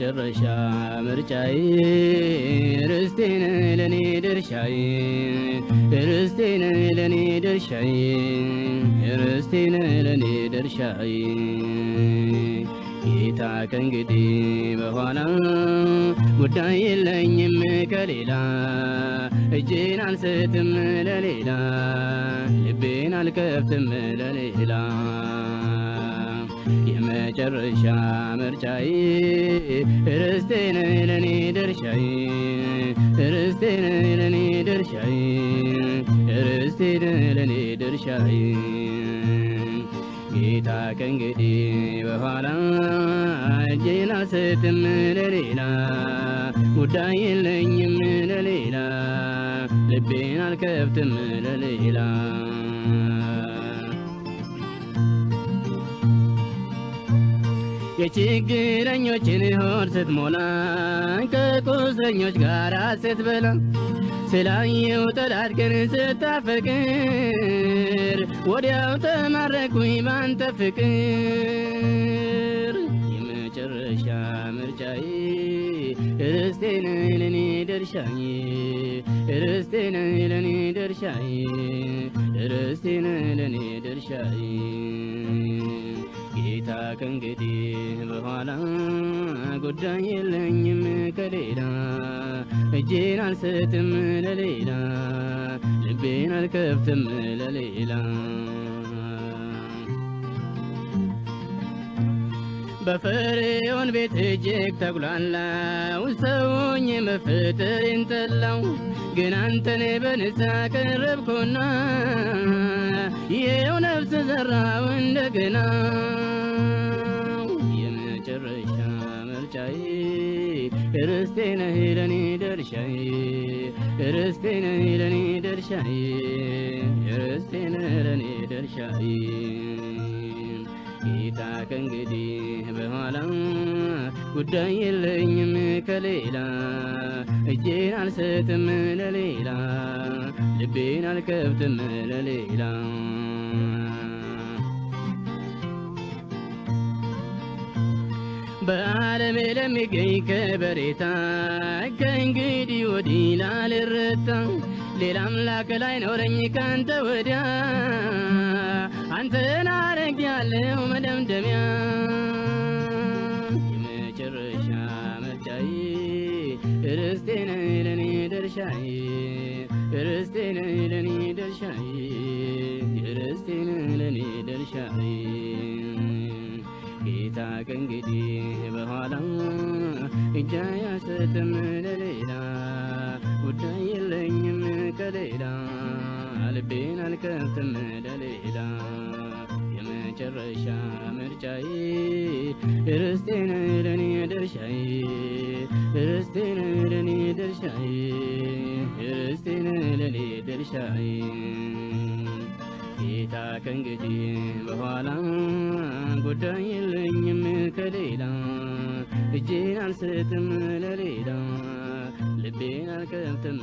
መጨረሻ ምርጫዬ ርስቴን ለኔ ድርሻዬ ርስቴን ለኔ ድርሻዬ ርስቴን ለኔ ድርሻዬ ጌታ ከእንግዲህ በኋላ ጉዳይ የለኝም ከሌላ እጄን አልሰጥም ለሌላ ልቤን አልከፍትም ለሌላ መጨረሻ ምርጫዬ ርስቴ ነይ ለኔ ድርሻዬ ርስቴ ነይ ለኔ ድርሻዬ ርስቴ ነይ ለኔ ድርሻዬ ጌታ ከእንግዲህ በኋላ እጄን አልሰጥም ለሌላ ጉዳይ የለኝም ለሌላ ልቤን አልከፍትም ለሌላ የችግረኞችን ሆድ ስትሞላ ከቁስለኞች ጋር ስትበላ ስላየው ግን ስታፈቅር ወዲያው ተማረኩኝ ባንተ ፍቅር። የመጨረሻ ምርጫዬ ርስቴን ለኔ ድርሻዬ ርስቴን ለኔ ድርሻዬ ለኔ ድርሻዬ ጌታ ከእንግዲህ በኋላ ጉዳይ የለኝም ከሌላ እጄን አልሰጥም ለሌላ ልቤን አልከፍትም ለሌላ በፈርዖን ቤት እጅግ ተጉላላው ሰውኝ መፍጠሬን ጠላው ግን አንተን በንጻ ቀረብኩና ይኸው ነፍስ ዘራው እንደገና ነህ ለኔ ድርሻዬ ርስቴ ነህ ለኔ ድርሻዬ ርስቴ ነህ ለኔ ድርሻዬ ጌታ ከእንግዲህ በኋላ ጉዳይ የለኝም ከሌላ እጄን አልሰጥም ለሌላ ልቤን አልከብትም ለሌላ በዓለም ለሚገኝ ከበሬታ ከእንግዲህ ወዲህ ላልረታ ሌላ አምላክ ላይኖረኝ ካንተ ወዲያ አንተን አረግያለሁ መደምደሚያ የመጨረሻ ርስቴ ነህ ለኔ ርስቴ ነህ ለኔ ርስቴ ነህ ለኔ ጌታ ከእንግዲህ በኋላ እጃ ያሰጥም ለሌላ ጉዳይ የለኝም ከሌላ ልቤን አልከፍትም ለሌላ የመጨረሻ ምርጫዬ ርስቴን ለኔ ድርሻዬ ርስቴን ለኔ ድርሻዬ ርስቴን ለኔ ድርሻዬ ጌታ ከእንግዲህ በኋላ ጉዳይ የለኝም ከሌላ እጄን አልሰጥም ለሌላ ልቤን አልከብትም